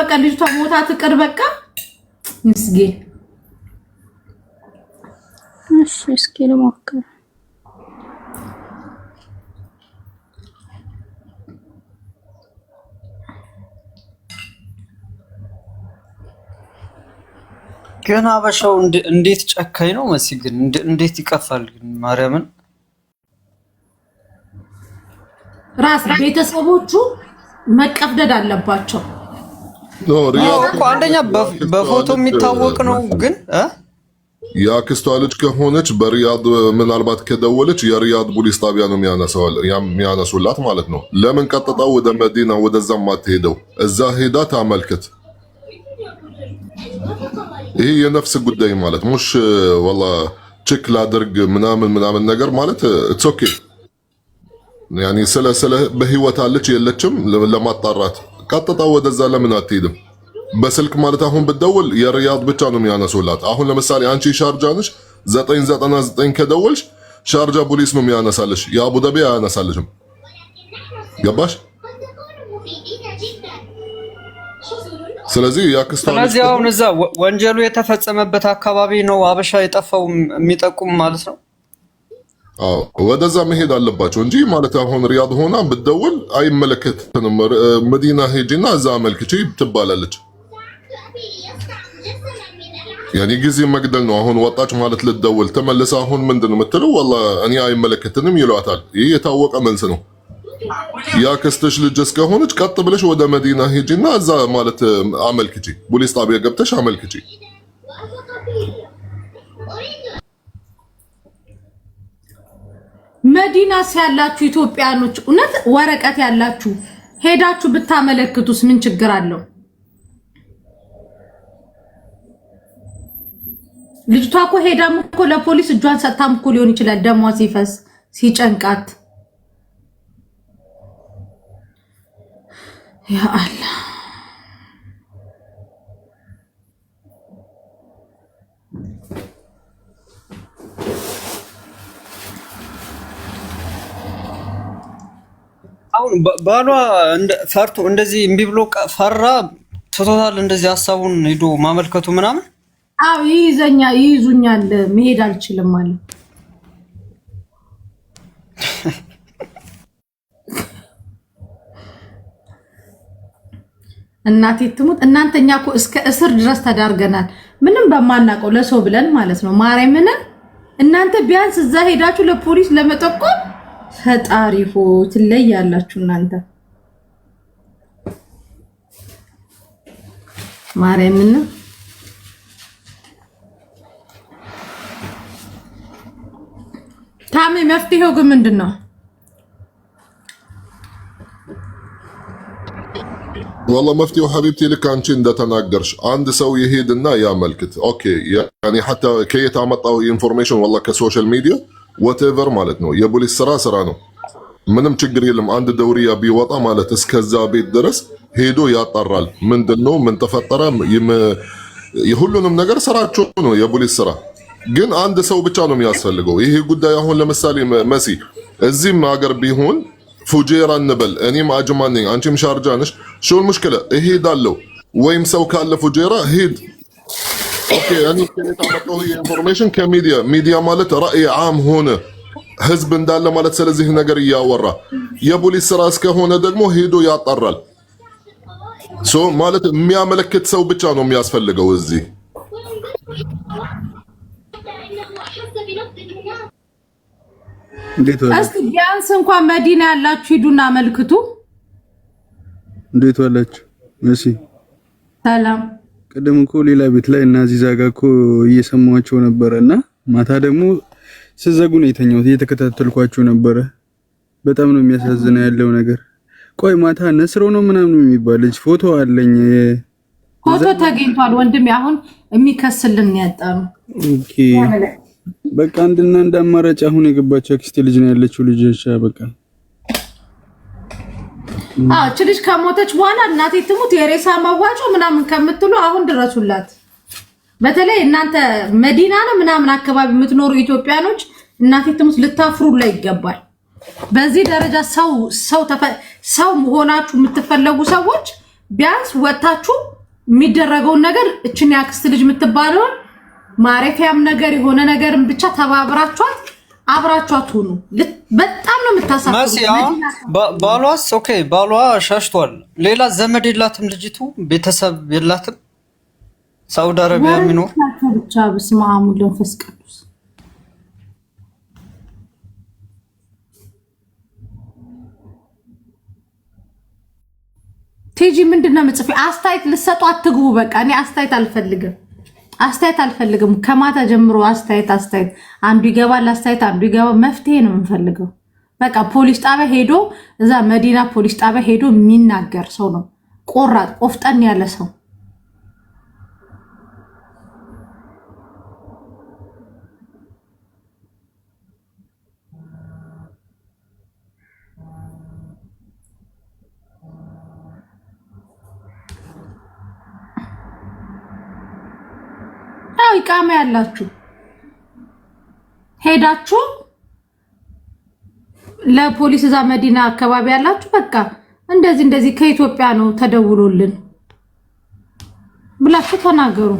በቃ ልጅቷ ሞታ ትቅር። በቃ ምስጌ እሺ፣ እስኪ ልሞክር። ግን ሀበሻው እንዴት ጨካኝ ነው መሲ! ግን እንዴት ይቀፋል ግን ማርያምን ራስ ቤተሰቦቹ መቀፍደድ አለባቸው። አንደኛ በፎቶ የሚታወቅ ነው ግን የአክስቷ ልጅ ከሆነች በሪያድ ምናልባት ከደወለች የሪያድ ፖሊስ ጣቢያ ነው የሚያነሱላት ማለት ነው። ለምን ቀጥታ ወደ መዲና ወደዛ ማትሄደው እዛ ሄዳ ታመልከት። ይሄ የነፍስ ጉዳይ ማለት ሙሽ ወላ ችክ ላድርግ ምናምን ምናምን ነገር ማለት ኢትስ ኦኬ። ያኒ ስለ ስለ በህይወት አለች የለችም ለማጣራት ቀጥታ ወደዛ ለምን አትሄድም? በስልክ ማለት አሁን ብትደውል የሪያድ ብቻ ነው የሚያነሱላት። አሁን ለምሳሌ አንቺ ሻርጃ 999 ከደወልሽ ሻርጃ ፖሊስ ነው የሚያነሳልሽ፣ የአቡዳቢ አያነሳልሽም። ገባሽ? ስለዚህ ያክስታ ስለዚህ አሁን እዛ ወንጀሉ የተፈጸመበት አካባቢ ነው አበሻ የጠፋው የሚጠቁም ማለት ነው። ወደዛ መሄድ አለባቸው እንጂ ማለት አሁን ሪያድ ሆና ብትደውል አይመለከትንም። መዲና ሄጂና እዛ አመልክቺ ትባላለች። ያኔ ጊዜ መግደል ነው። አሁን ወጣች ማለት ልትደውል ተመልሰ አሁን ምንድን የምትለው ወላ እኔ አይመለከትንም ይሏታል። ይህ የታወቀ መልስ ነው። ያ ከስተሽ ልጅ እስከሆነች ቀጥ ብለሽ ወደ መዲና ሄጂና እዛ ማለት አመልክቺ፣ ፖሊስ ጣቢያ ገብተሽ አመልክቺ። መዲናስ ያላችሁ ኢትዮጵያኖች እውነት ወረቀት ያላችሁ ሄዳችሁ ብታመለክቱስ ምን ችግር አለው? ልጅቷ እኮ ሄዳም እኮ ለፖሊስ እጇን ሰጥታም እኮ ሊሆን ይችላል። ደሟ ሲፈስ ሲጨንቃት ያአላህ አሁን ባሏ ፈርቶ እንደዚህ እምቢ ብሎ ፈራ ትቶታል። እንደዚህ ሀሳቡን ሄዶ ማመልከቱ ምናምን አዎ ይይዘኛ ይይዙኛል፣ መሄድ አልችልም አለ። እናቴ ትሙት እናንተኛ እኮ እስከ እስር ድረስ ተዳርገናል። ምንም በማናውቀው ለሰው ብለን ማለት ነው። ማርያምን እናንተ ቢያንስ እዛ ሄዳችሁ ለፖሊስ ለመጠቆም ፈጣሪ ትለይ ያላችሁ እናንተ ማርያምና ታሜ መፍትሄው ግን ምንድን ነው? ወላ መፍትሄው ሀቢብቲ ልክ አንቺ እንደተናገርሽ አንድ ሰው ይሄድና ያመልክት። ኦኬ ያኔ ሐታ ከየት አመጣው ኢንፎርሜሽን ወላ ከሶሻል ሚዲያ ወቴቨር ማለት ነው። የፖሊስ ስራ ስራ ነው። ምንም ችግር የለም። አንድ ደውሪያ ቢወጣ ማለት እስከዛ ቤት ድረስ ሄዶ ያጣራል። ምንድነው ምን ተፈጠረ? የሁሉንም ነገር ስራቸው ነው የፖሊስ ስራ። ግን አንድ ሰው ብቻ ነው የሚያስፈልገው። ይሄ ጉዳይ አሁን ለምሳሌ መሲ እዚህም ሀገር ቢሆን ፉጄራ እንበል፣ እኔም አጅማን ነኝ፣ አንቺም ሻርጃ ነሽ። ሹል ሙሽክለ እሄዳለሁ ወይም ሰው ካለ ፉጄራ ሄድ اوكي انا كنت عم بقول هي انفورميشن كميديا ميديا مالت راي عام هنا حزب داله مالت سلازي هنا قريا ورا يا بوليس راسك هنا دقمو هيدو يا طرل سو ሶ ማለት የሚያመለክት ሰው ብቻ ነው የሚያስፈልገው። እዚህ እስቲ ቢያንስ እንኳን መዲና ያላችሁ ሂዱና አመልክቱ። እንዴት ዋላችሁ? እሺ ሰላም ቅድም እኮ ሌላ ቤት ላይ እና እዚህ ዛጋ እኮ እየሰማኋቸው ነበረ እና ማታ ደግሞ ስዘጉ ነው የተኛሁት፣ እየተከታተልኳቸው ነበረ። በጣም ነው የሚያሳዝነው ያለው ነገር። ቆይ ማታ ነስሮ ነው ምናምን የሚባል ልጅ ፎቶ አለኝ፣ ፎቶ ተገኝቷል። ወንድሜ አሁን የሚከስልን ያጣ ኦኬ በቃ አንድና እንደ አማራጭ አሁን የገባቸው አክስቴ ልጅ ነው ያለችው ልጅ በቃ እች ልጅ ከሞተች በኋላ እናቴ ትሙት የሬሳ መዋጮ ምናምን ከምትሉ አሁን ድረሱላት። በተለይ እናንተ መዲና ነው ምናምን አካባቢ የምትኖሩ ኢትዮጵያኖች እናቴ ትሙት ልታፍሩ ላይ ይገባል። በዚህ ደረጃ ሰው ሰው መሆናችሁ የምትፈለጉ ሰዎች ቢያንስ ወታችሁ የሚደረገውን ነገር እችን ያክስት ልጅ የምትባለውን ማረፊያም ነገር የሆነ ነገርም ብቻ ተባብራችኋት አብራችሁ አትሆኑ። በጣም ነው የምታሳፍሩት። ባሏስ ኦኬ፣ ባሏ ሻሽቷል። ሌላ ዘመድ የላትም ልጅቱ፣ ቤተሰብ የላትም። ሳውዲ አረቢያ የሚኖር ብቻ በስመ አብ ወወልድ ወመንፈስ ቅዱስ ቴጂ ምንድን ነው አስተያየት ልሰጡ አትግቡ። በቃ እኔ አስተያየት አልፈልግም። አስተያየት አልፈልግም። ከማታ ጀምሮ አስተያየት አስተያየት፣ አንዱ ይገባል፣ አስተያየት አንዱ ይገባል። መፍትሄ ነው የምንፈልገው። በቃ ፖሊስ ጣቢያ ሄዶ እዛ መዲና ፖሊስ ጣቢያ ሄዶ የሚናገር ሰው ነው። ቆራጥ ቆፍጠን ያለ ሰው አዎ ኢቃማ ያላችሁ ሄዳችሁ ለፖሊስ እዛ መዲና አካባቢ ያላችሁ በቃ እንደዚህ እንደዚህ ከኢትዮጵያ ነው ተደውሎልን ብላችሁ ተናገሩ።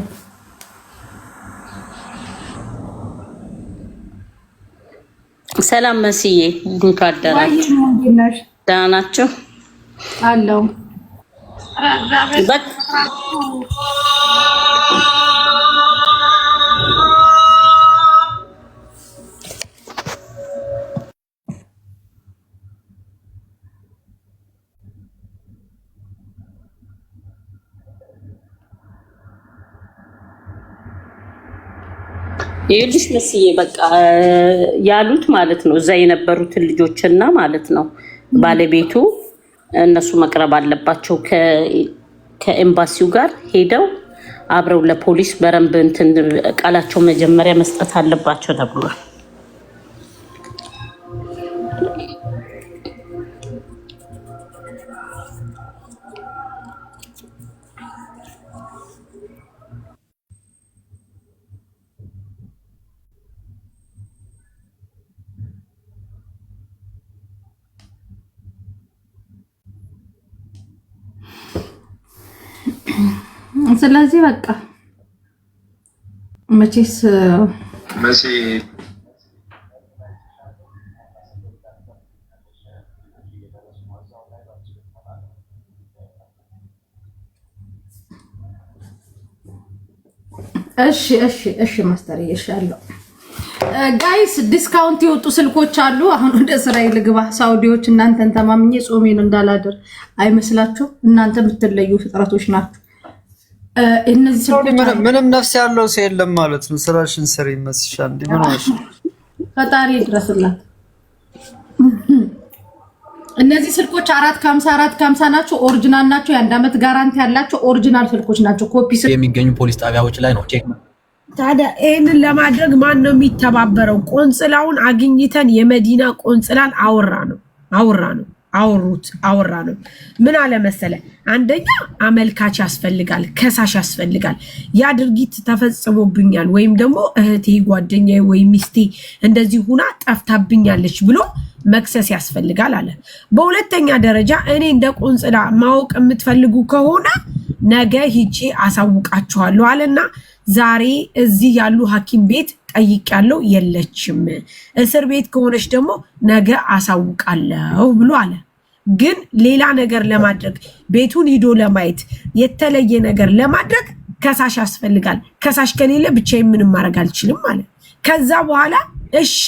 ሰላም መስዬ ጉንካዳናችሁ ዳናችሁ አለው ይኸውልሽ መስዬ በቃ ያሉት ማለት ነው እዛ የነበሩትን ልጆችና ማለት ነው ባለቤቱ እነሱ መቅረብ አለባቸው ከኤምባሲው ጋር ሄደው አብረው ለፖሊስ በረንብ እንትን ቃላቸው መጀመሪያ መስጠት አለባቸው ተብሏል። ስለዚህ በቃ መቼስ መሲ እሺ እሺ እሺ ማስተር እሺ አለው። ጋይስ ዲስካውንት የወጡ ስልኮች አሉ። አሁን ወደ እስራኤል ልግባ። ሳውዲዎች እናንተን ተማምኜ ጾሜን እንዳላድር አይመስላችሁ። እናንተ የምትለዩ ፍጥረቶች ናችሁ። እነዚህ ምንም ነፍስ ያለው ሰው የለም ማለት ነው። ስራሽን ስር ይመስሻል። እንዲ ምን ፈጣሪ ድረስላት። እነዚህ ስልኮች አራት ከሀምሳ አራት ከሀምሳ ናቸው። ኦሪጂናል ናቸው። የአንድ አመት ጋራንቲ ያላቸው ኦሪጂናል ስልኮች ናቸው። ኮፒ ስልክ የሚገኙ ፖሊስ ጣቢያዎች ላይ ነው ቼክ። ታዲያ ይህንን ለማድረግ ማን ነው የሚተባበረው? ቆንጽላውን አግኝተን የመዲና ቆንጽላን አወራ ነው አወራ ነው አወሩት አወራ ነው። ምን አለ መሰለ፣ አንደኛ አመልካች ያስፈልጋል፣ ከሳሽ ያስፈልጋል። ያ ድርጊት ተፈጽሞብኛል ወይም ደግሞ እህቴ፣ ጓደኛ ወይም ሚስቴ እንደዚህ ሁና ጠፍታብኛለች ብሎ መክሰስ ያስፈልጋል አለ። በሁለተኛ ደረጃ እኔ እንደ ቁንጽላ ማወቅ የምትፈልጉ ከሆነ ነገ ሂጄ አሳውቃችኋለሁ አለና ዛሬ እዚህ ያሉ ሐኪም ቤት ጠይቅ ያለው የለችም። እስር ቤት ከሆነች ደግሞ ነገ አሳውቃለሁ ብሎ አለ። ግን ሌላ ነገር ለማድረግ ቤቱን ሂዶ ለማየት የተለየ ነገር ለማድረግ ከሳሽ ያስፈልጋል። ከሳሽ ከሌለ ብቻዬን ምንም ማድረግ አልችልም ማለት። ከዛ በኋላ እሺ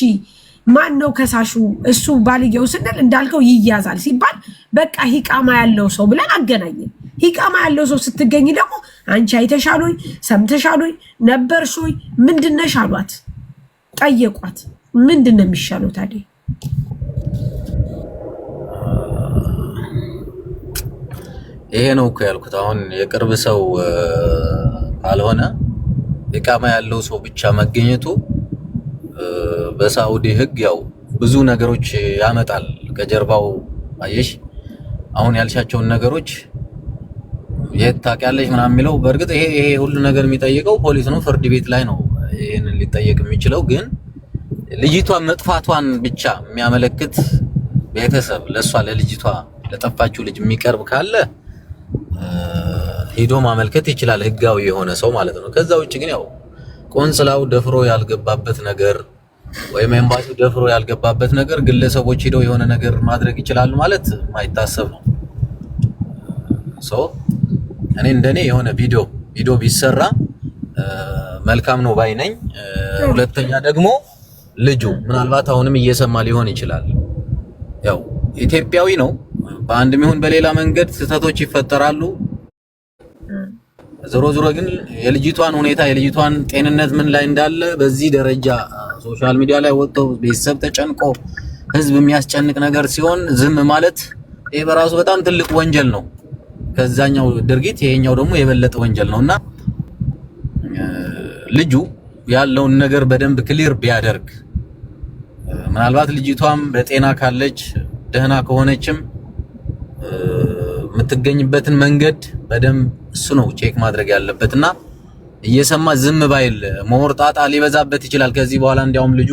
ማን ነው ከሳሹ? እሱ ባልየው ስንል እንዳልከው ይያዛል ሲባል በቃ ሂቃማ ያለው ሰው ብለን አገናኘን። ሂቃማ ያለው ሰው ስትገኝ ደግሞ አንቺ አይተሻሉኝ፣ ሰምተሻሉኝ፣ ነበርሾኝ ምንድነሽ አሏት፣ ጠየቋት። ምንድን ነው የሚሻለው ታዲያ? ይሄ ነው እኮ ያልኩት። አሁን የቅርብ ሰው ካልሆነ እቃማ ያለው ሰው ብቻ መገኘቱ በሳውዲ ህግ ያው ብዙ ነገሮች ያመጣል ከጀርባው አየሽ። አሁን ያልሻቸውን ነገሮች የት ታውቂያለሽ ምናምን የሚለው በእርግጥ ይሄ ይሄ ሁሉ ነገር የሚጠይቀው ፖሊስ ነው፣ ፍርድ ቤት ላይ ነው ይህንን ሊጠየቅ የሚችለው። ግን ልጅቷ መጥፋቷን ብቻ የሚያመለክት ቤተሰብ ለእሷ ለልጅቷ ለጠፋችው ልጅ የሚቀርብ ካለ ሂዶ ማመልከት ይችላል፣ ህጋዊ የሆነ ሰው ማለት ነው። ከዛ ውጭ ግን ያው ቆንስላው ደፍሮ ያልገባበት ነገር ወይም ኤምባሲው ደፍሮ ያልገባበት ነገር ግለሰቦች ሂደው የሆነ ነገር ማድረግ ይችላሉ ማለት ማይታሰብ ነው። ሶ እኔ እንደኔ የሆነ ቪዲዮ ቪዲዮ ቢሰራ መልካም ነው ባይ ነኝ። ሁለተኛ ደግሞ ልጁ ምናልባት አሁንም እየሰማ ሊሆን ይችላል። ያው ኢትዮጵያዊ ነው በአንድም ይሁን በሌላ መንገድ ስህተቶች ይፈጠራሉ። ዞሮ ዞሮ ግን የልጅቷን ሁኔታ የልጅቷን ጤንነት ምን ላይ እንዳለ በዚህ ደረጃ ሶሻል ሚዲያ ላይ ወጥቶ ቤተሰብ ተጨንቆ ህዝብ የሚያስጨንቅ ነገር ሲሆን ዝም ማለት ይሄ በራሱ በጣም ትልቅ ወንጀል ነው። ከዛኛው ድርጊት ይሄኛው ደግሞ የበለጠ ወንጀል ነው እና ልጁ ያለውን ነገር በደንብ ክሊር ቢያደርግ ምናልባት ልጅቷም በጤና ካለች ደህና ከሆነችም የምትገኝበትን መንገድ በደንብ እሱ ነው ቼክ ማድረግ ያለበት እና እየሰማ ዝም ባይል መሆር ጣጣ ሊበዛበት ይችላል። ከዚህ በኋላ እንዲያውም ልጁ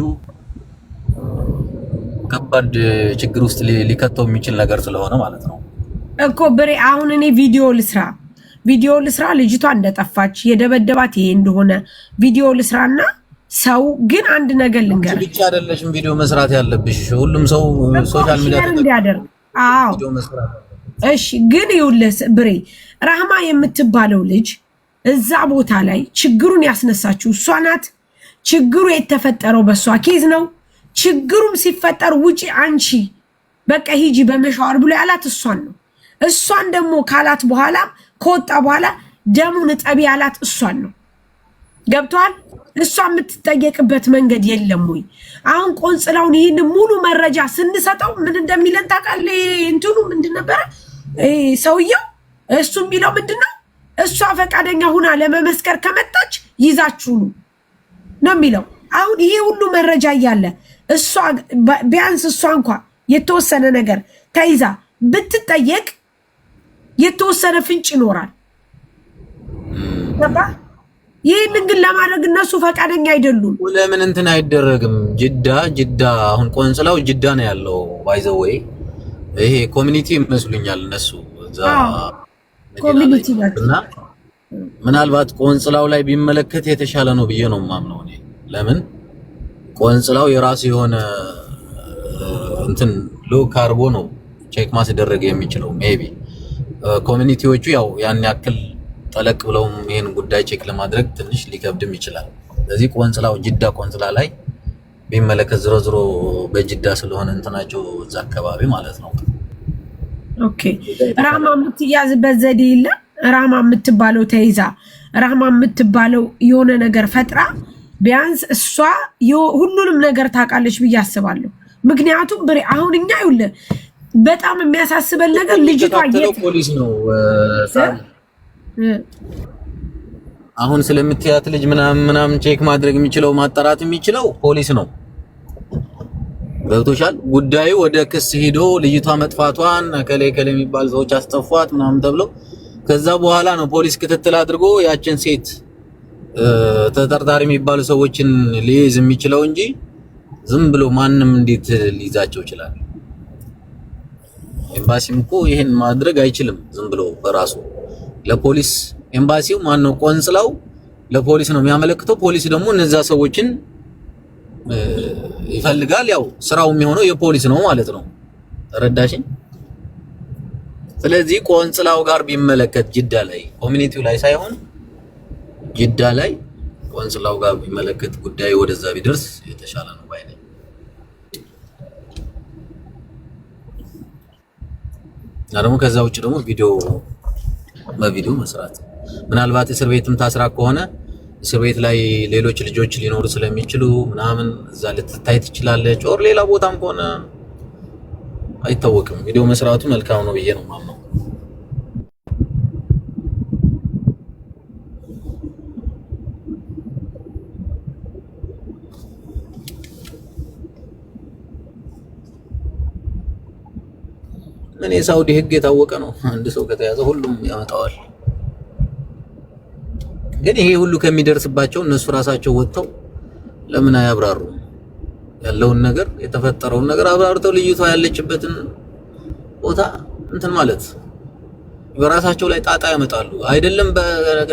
ከባድ ችግር ውስጥ ሊከተው የሚችል ነገር ስለሆነ ማለት ነው እኮ ብሬ። አሁን እኔ ቪዲዮ ልስራ ቪዲዮ ልስራ ልጅቷ እንደጠፋች የደበደባት ይሄ እንደሆነ ቪዲዮ ልስራና ሰው ግን አንድ ነገር ልንገር፣ ብቻ አይደለሽም ቪዲዮ መስራት ያለብሽ ሁሉም ሰው ሶሻል ሚዲያ እንዲያደርግ እሺ ግን ይውለስ ብሬ ራህማ የምትባለው ልጅ እዛ ቦታ ላይ ችግሩን ያስነሳችው እሷ ናት። ችግሩ የተፈጠረው በእሷ ኬዝ ነው። ችግሩም ሲፈጠር ውጪ አንቺ በቃ ሂጂ በመሻወር ብሎ ያላት እሷን ነው። እሷን ደግሞ ካላት በኋላ ከወጣ በኋላ ደሙን እጠቢ ያላት እሷን ነው። ገብቷል። እሷ የምትጠየቅበት መንገድ የለም ወይ? አሁን ቆንጽላውን ይህን ሙሉ መረጃ ስንሰጠው ምን እንደሚለን ታውቃለህ? እንትኑ ምንድን ነበረ ሰውየው እሱ የሚለው ምንድን ነው? እሷ ፈቃደኛ ሁና ለመመስከር ከመጣች ይዛችሁ ነው የሚለው። አሁን ይሄ ሁሉ መረጃ እያለ እሷ ቢያንስ እሷ እንኳ የተወሰነ ነገር ተይዛ ብትጠየቅ የተወሰነ ፍንጭ ይኖራል። ይህንን ግን ለማድረግ እነሱ ፈቃደኛ አይደሉም። ለምን እንትን አይደረግም? ጅዳ ጅዳ አሁን ቆንጽላው ጅዳ ነው ያለው። ባይዘወይ ይሄ ኮሚኒቲ ይመስሉኛል እነሱ ኮሚኒቲ እና ምናልባት ቆንጽላው ላይ ቢመለከት የተሻለ ነው ብዬ ነው የማምነው እኔ። ለምን ቆንጽላው የራሱ የሆነ እንትን ሎ ካርቦ ነው ቼክ ማስደረግ የሚችለው ቢ ኮሚኒቲዎቹ ያው ያን ያክል ጠለቅ ብለው ይህን ጉዳይ ቼክ ለማድረግ ትንሽ ሊከብድም ይችላል። ስለዚህ ቆንስላው ጅዳ ቆንስላ ላይ ቢመለከት ዝሮ ዝሮ በጅዳ ስለሆነ እንትናቸው እዛ አካባቢ ማለት ነው። ኦኬ ራማ የምትያዝበት ዘዴ የለም። ራማ የምትባለው ተይዛ ራማ የምትባለው የሆነ ነገር ፈጥራ ቢያንስ እሷ ሁሉንም ነገር ታውቃለች ብዬ አስባለሁ። ምክንያቱም ብሬ አሁን እኛ ይኸውልህ በጣም የሚያሳስበን ነገር ልጅቷ የት ፖሊስ ነው አሁን ስለምትያት ልጅ ምናምን ምናምን ቼክ ማድረግ የሚችለው ማጣራት የሚችለው ፖሊስ ነው። ገብቶሻል። ጉዳዩ ወደ ክስ ሄዶ ልጅቷ መጥፋቷን ከሌ ከሌ የሚባል ሰዎች አስጠፏት ምናምን ተብሎ ከዛ በኋላ ነው ፖሊስ ክትትል አድርጎ ያችን ሴት ተጠርጣሪ የሚባሉ ሰዎችን ሊይዝ የሚችለው እንጂ ዝም ብሎ ማንም እንዴት ሊይዛቸው ይችላል? ኤምባሲም እኮ ይህን ማድረግ አይችልም ዝም ብሎ በራሱ ለፖሊስ ኤምባሲው ማን ነው ቆንጽላው ለፖሊስ ነው የሚያመለክተው። ፖሊስ ደግሞ እነዛ ሰዎችን ይፈልጋል። ያው ስራው የሚሆነው የፖሊስ ነው ማለት ነው። ተረዳሽኝ? ስለዚህ ቆንጽላው ጋር ቢመለከት ጅዳ ላይ ኮሚኒቲው ላይ ሳይሆን ጅዳ ላይ ቆንጽላው ጋር ቢመለከት ጉዳይ ወደዛ ቢደርስ የተሻለ ነው ባይ ነኝ። እና ደግሞ ከዛ ውጭ ደግሞ ቪዲዮ በቪዲዮ መስራት። ምናልባት እስር ቤትም ታስራ ከሆነ እስር ቤት ላይ ሌሎች ልጆች ሊኖሩ ስለሚችሉ ምናምን እዛ ልትታይ ትችላለች። ኦር ሌላ ቦታም ከሆነ አይታወቅም። ቪዲዮ መስራቱ መልካም ነው ብዬ ነው ማምነው። እኔ ሳውዲ ህግ የታወቀ ነው። አንድ ሰው ከተያዘ ሁሉም ያመጣዋል። ግን ይሄ ሁሉ ከሚደርስባቸው እነሱ ራሳቸው ወጥተው ለምን አያብራሩም? ያለውን ነገር የተፈጠረውን ነገር አብራርተው ልዩቷ ያለችበትን ቦታ እንትን ማለት በራሳቸው ላይ ጣጣ ያመጣሉ። አይደለም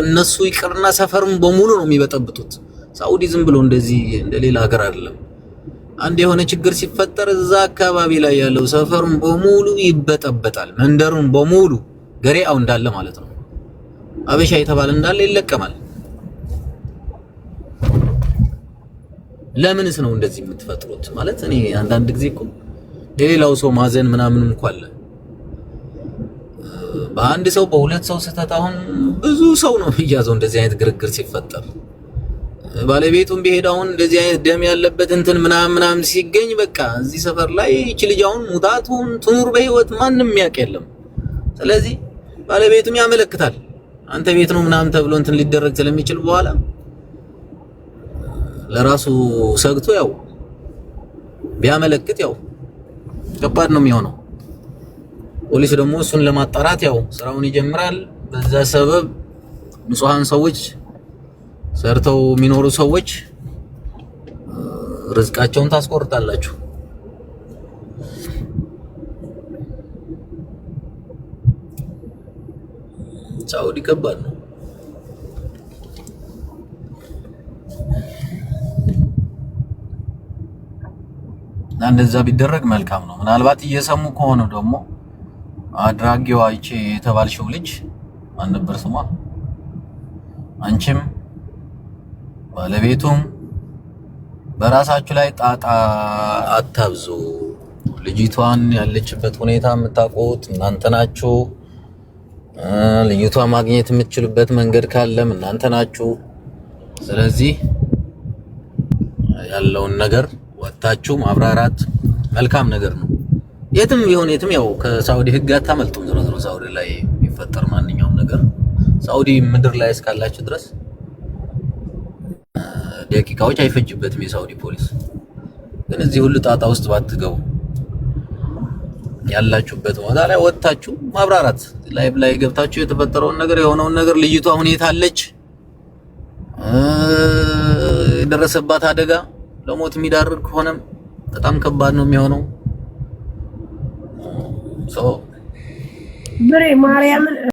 እነሱ ይቅርና ሰፈርም በሙሉ ነው የሚበጠብጡት። ሳውዲ ዝም ብሎ እንደዚህ እንደሌላ ሀገር አይደለም። አንድ የሆነ ችግር ሲፈጠር እዛ አካባቢ ላይ ያለው ሰፈሩን በሙሉ ይበጠበጣል። መንደሩን በሙሉ ገሬው እንዳለ ማለት ነው። አበሻ የተባለ እንዳለ ይለቀማል። ለምንስ ነው እንደዚህ የምትፈጥሩት? ማለት እኔ አንዳንድ ጊዜ እኮ ሌላው ሰው ማዘን ምናምን እንኳን አለ። በአንድ ሰው በሁለት ሰው ስህተት አሁን ብዙ ሰው ነው የሚያዘው እንደዚህ አይነት ግርግር ሲፈጠር ባለቤቱን ቢሄድ አሁን እንደዚህ አይነት ደም ያለበት እንትን ምናምን ምናምን ሲገኝ በቃ እዚህ ሰፈር ላይ ይች ልጅ አሁን ሙታቱን ትኑር በህይወት ማንም የሚያውቅ የለም። ስለዚህ ባለቤቱም ያመለክታል አንተ ቤት ነው ምናምን ተብሎ እንትን ሊደረግ ስለሚችል በኋላ ለራሱ ሰግቶ ያው ቢያመለክት ያው ከባድ ነው የሚሆነው። ፖሊስ ደግሞ እሱን ለማጣራት ያው ስራውን ይጀምራል። በዛ ሰበብ ንጹሃን ሰዎች ሰርተው የሚኖሩ ሰዎች ርዝቃቸውን ታስቆርጣላችሁ። ሳውዲ ከባድ ነው። እና እንደዛ ቢደረግ መልካም ነው። ምናልባት እየሰሙ ከሆነ ደግሞ አድራጊዋ ይቺ የተባልሽው ልጅ ማን ነበር ስሟ? አንቺም ባለቤቱም በራሳችሁ ላይ ጣጣ አታብዙ። ልጅቷን ያለችበት ሁኔታ የምታውቁት እናንተ ናችሁ። ልጅቷ ማግኘት የምትችሉበት መንገድ ካለም እናንተ ናችሁ። ስለዚህ ያለውን ነገር ወጥታችሁ ማብራራት መልካም ነገር ነው። የትም ቢሆን የትም ያው ከሳውዲ ሕግ አታመልጡም። ዝሮ ዝሮ ሳውዲ ላይ የሚፈጠር ማንኛውም ነገር ሳውዲ ምድር ላይ እስካላችሁ ድረስ ደቂቃዎች አይፈጅበትም የሳውዲ ፖሊስ። ግን እዚህ ሁሉ ጣጣ ውስጥ ባትገቡ ያላችሁበት ቦታ ላይ ወጥታችሁ ማብራራት ላይ ላይ ገብታችሁ የተፈጠረውን ነገር የሆነውን ነገር ልይቷ ሁኔታ አለች የደረሰባት አደጋ ለሞት የሚዳርግ ከሆነም በጣም ከባድ ነው የሚሆነው ብሬ ማርያምን